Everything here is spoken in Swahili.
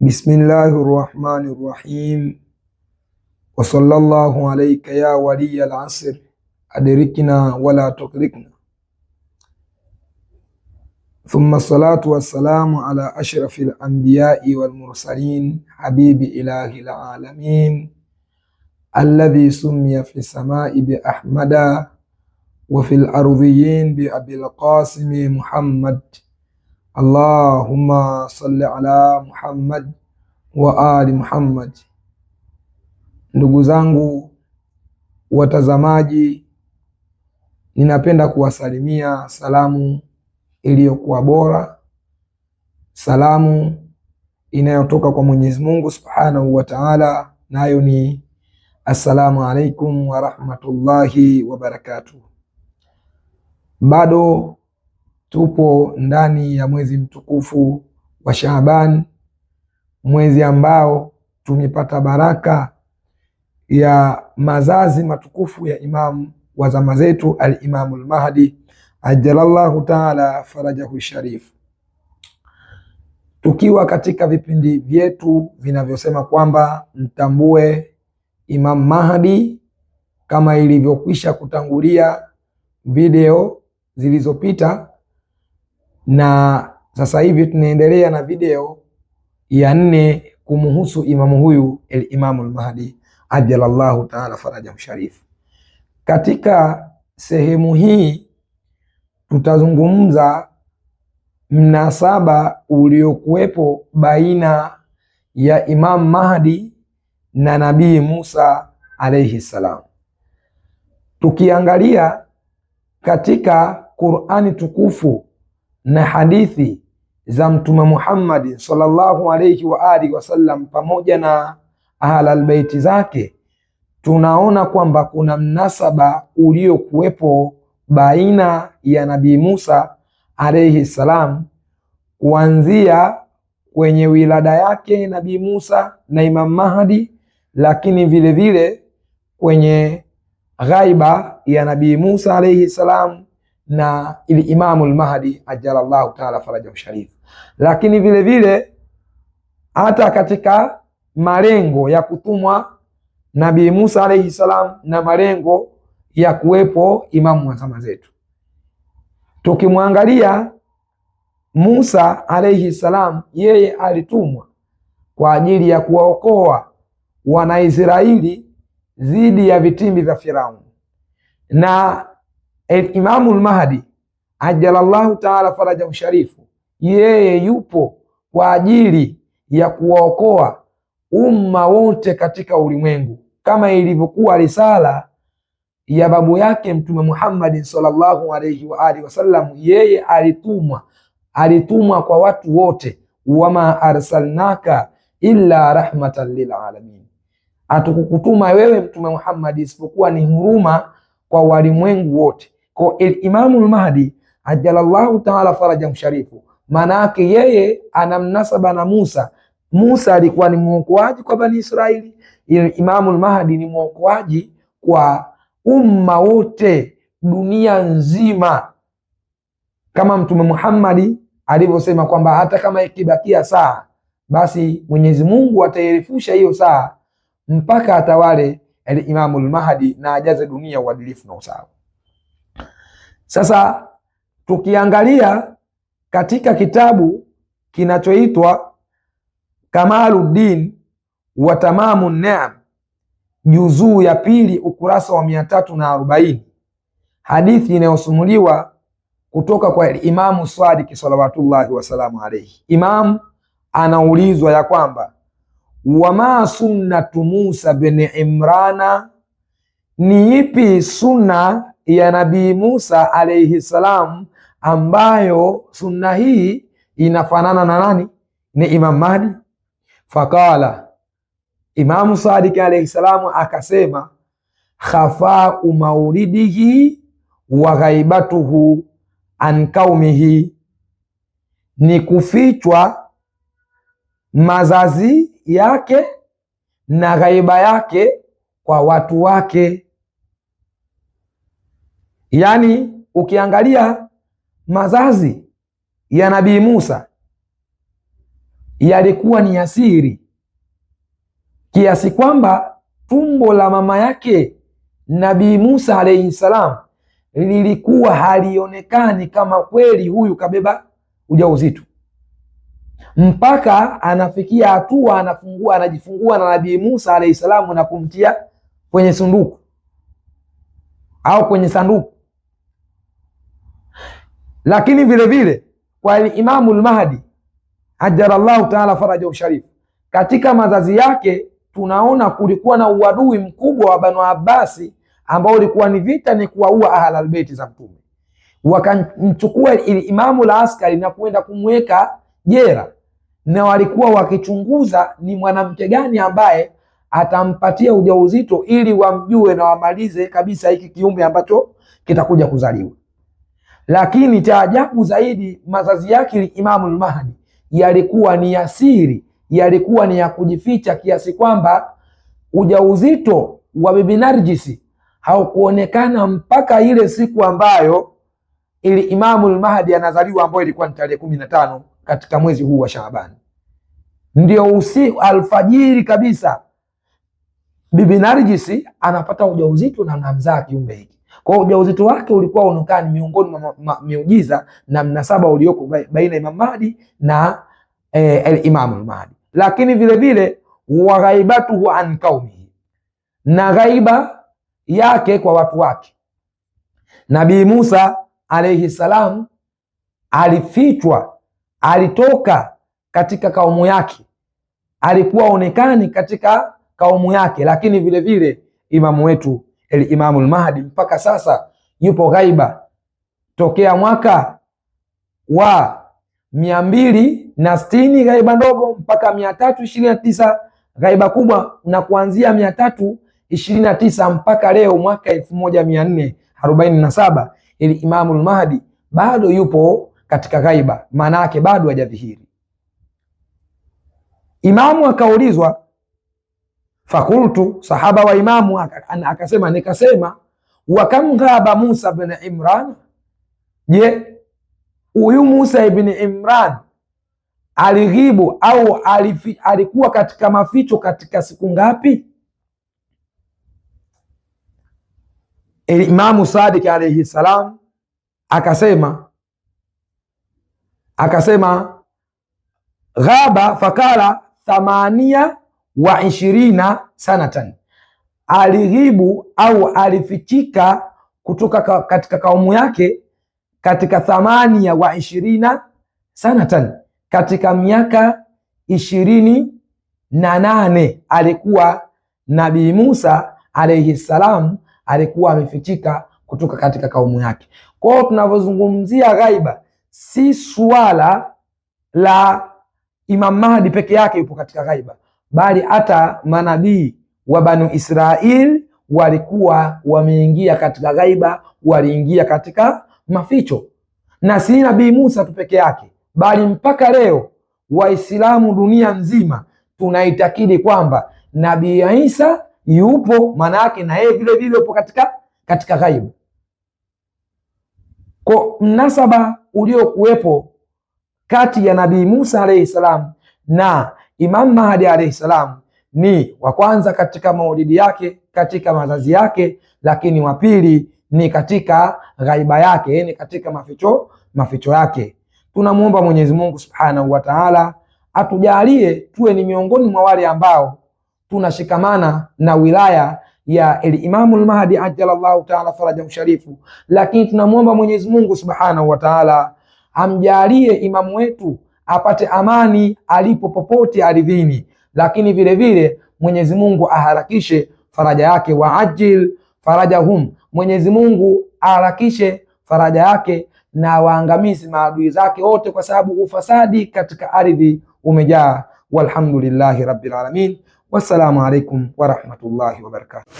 بسم الله الرحمن الرحيم وصلى الله عليك يا ولي العصر أدركنا ولا تدركنا ثم الصلاة والسلام على أشرف الأنبياء والمرسلين حبيب إله العالمين الذي سمي في السماء بأحمد وفي الأرضيين بأبي القاسم محمد Allahumma salli ala Muhammad wa ali Muhammad. Ndugu zangu watazamaji, ninapenda kuwasalimia salamu iliyokuwa bora, salamu inayotoka kwa Mwenyezi Mungu Subhanahu wa Ta'ala, nayo ni assalamu alaikum wa rahmatullahi wa barakatuh. Bado Tupo ndani ya mwezi mtukufu wa Shaaban, mwezi ambao tumepata baraka ya mazazi matukufu ya imamu wa zama zetu Alimamu Lmahdi ajalallahu taala farajahu sharif. tukiwa katika vipindi vyetu vinavyosema kwamba mtambue Imamu Mahdi kama ilivyokwisha kutangulia video zilizopita na sasa hivi tunaendelea na video ya nne kumuhusu imamu huyu Alimamu Lmahdi ajalallahu taala farajahu sharifu. Katika sehemu hii tutazungumza mnasaba uliokuwepo baina ya Imamu Mahdi na Nabii Musa alaihi salam. Tukiangalia katika Qurani tukufu na hadithi za Mtume Muhammad sallallahu alayhi wa alihi wasallam pamoja na ahlalbeiti zake, tunaona kwamba kuna mnasaba uliokuwepo baina ya Nabii Musa alayhi salam kuanzia kwenye wilada yake Nabii Musa na Imam Mahdi, lakini vilevile vile kwenye ghaiba ya Nabii Musa alayhi salam na ili Imamu al-Mahdi ajalallahu taala farajahu sharif. Lakini vile vile hata katika malengo ya kutumwa Nabii Musa alaihi salam na malengo ya kuwepo imamu wa zama zetu, tukimwangalia Musa alaihi salam, yeye alitumwa kwa ajili ya kuwaokoa Wanaisraeli dhidi ya vitimbi vya Firauni na Eh, al Mahdi ajalallahu taala faraja usharifu yeye yupo kwa ajili ya kuwaokoa umma wote katika ulimwengu, kama ilivyokuwa risala ya babu yake Mtume Muhammadin sallallahu alaihi wa alihi wasallam. Yeye alitumwa alitumwa kwa watu wote, wama arsalnaka illa rahmatan lilalamin, atukukutuma wewe Mtume Muhammad isipokuwa ni huruma kwa walimwengu wote. Kwa Imamul Mahdi ajalallahu taala faraja msharifu maana yake yeye ana mnasaba na Musa. Musa alikuwa ni mwokoaji kwa Bani Israili, Imamul Mahdi ni mwokoaji kwa umma wote dunia nzima, kama Mtume Muhammadi alivyosema kwamba hata kama ikibakia saa, basi Mwenyezi Mungu atairefusha hiyo saa mpaka atawale Imamul Mahdi na ajaze dunia uadilifu na usawa. Sasa tukiangalia katika kitabu kinachoitwa Kamaluddin wa Tamamu Niam juzuu ya pili ukurasa wa mia tatu na arobaini hadithi inayosumuliwa kutoka kwa Imamu swadiki salawatullahi wasalamu alaihi. Imamu anaulizwa ya kwamba wama sunnatu Musa bin Imrana, ni ipi sunna ya Nabii Musa alaihi salam, ambayo sunna hii inafanana na nani? Ni Imam Mahdi. Fakala Imamu Sadiki alaihi salamu akasema, khafau maulidihi wa ghaibatuhu an kaumihi, ni kufichwa mazazi yake na ghaiba yake kwa watu wake. Yaani ukiangalia mazazi ya Nabii Musa yalikuwa ni asiri kiasi kwamba tumbo la mama yake Nabii Musa alaihi salam lilikuwa halionekani kama kweli huyu kabeba ujauzito, mpaka anafikia hatua anafungua, anajifungua na Nabii Musa alaihi salamu na kumtia kwenye sunduku au kwenye sanduku lakini vilevile kwa Imamu Lmahdi ajarallahu taala farajahu sharif, katika mazazi yake tunaona kulikuwa na uadui mkubwa wa Banu Abbasi ambao ulikuwa ni vita, ni kuwaua ahlalbeiti za Mtume. Wakamchukua Imamu la Askari na kuenda kumweka jera, na walikuwa wakichunguza ni mwanamke gani ambaye atampatia ujauzito ili wamjue na wamalize kabisa hiki kiumbe ambacho kitakuja kuzaliwa. Lakini cha ajabu zaidi, mazazi yake al Mahdi yalikuwa ni ya siri, yalikuwa ni ya kujificha, kiasi kwamba ujauzito wa Bibi Narjis haukuonekana mpaka ile siku ambayo ili al Mahdi anazaliwa, ambayo ilikuwa ni tarehe kumi na tano katika mwezi huu wa Shaabani, ndio usiku alfajiri kabisa Bibi Narjis anapata ujauzito na anamzaa kiumbe hiki. Kwa ujauzito wake ulikuwa unakaa ni miongoni mwa miujiza na mnasaba ulioko baina ya Imam Mahdi na eh, Imam al-Mahdi, lakini vile vile wa ghaibatuhu an qaumihi, na ghaiba yake kwa watu wake. Nabii Musa alaihi salam alifichwa, alitoka katika kaumu yake, alikuwa onekani katika kaumu yake, lakini vile vile imamu wetu Imamul Mahdi mpaka sasa yupo ghaiba tokea mwaka wa mia mbili na sitini ghaiba ndogo mpaka mia tatu ishirini na tisa ghaiba kubwa, na kuanzia mia tatu ishirini na tisa mpaka leo mwaka elfu moja mia nne arobaini na saba ili Imamul Mahdi bado yupo katika ghaiba, maana yake bado hajadhihiri. Imamu akaulizwa Fakultu, sahaba wa Imamu akasema, nikasema wakam ghaba Musa bin Imran, je, huyu Musa ibni Imran alighibu au alifi, alikuwa katika maficho katika siku ngapi? Imamu Sadiq alaihi salam akasema akasema ghaba fakala thamania wa ishirina sanatan, alighibu au alifichika kutoka katika kaumu yake katika thamani ya wa ishirina sanatan, katika miaka ishirini na nane alikuwa Nabii Musa alaihi salam alikuwa amefichika kutoka katika kaumu yake. Kwa hiyo tunavyozungumzia ghaiba, si swala la Imam Mahdi peke yake yupo katika ghaiba bali hata manabii wa Banu Israeli walikuwa wameingia katika ghaiba, waliingia katika maficho, na si nabii Musa tu peke yake, bali mpaka leo Waislamu dunia nzima tunaitakidi kwamba nabii ya Isa yupo, maana yake na yeye vile vile yupo katika katika ghaibu. Kwa mnasaba uliokuwepo kati ya nabii Musa alayhi salam na Imam Mahdi alayhi salam ni wa kwanza katika maulidi yake, katika mazazi yake, lakini wa pili ni katika ghaiba yake, ni katika maficho maficho yake. Tunamwomba Mwenyezi Mungu Subhanahu wa Ta'ala atujalie tuwe ni miongoni mwa wale ambao tunashikamana na wilaya ya Imamu al-Mahdi ajjalallahu ta'ala farajahu sharifu, lakini tunamwomba Mwenyezi Mungu Subhanahu wa Ta'ala amjalie imamu wetu apate amani alipo popote ardhini, lakini vilevile Mwenyezi Mungu aharakishe faraja yake, waajil farajahum, Mwenyezi Mungu aharakishe faraja yake na waangamizi maadui zake wote, kwa sababu ufasadi katika ardhi umejaa. Walhamdulillahi rabbil alamin, wassalamu alaikum warahmatullahi wabarakatuh.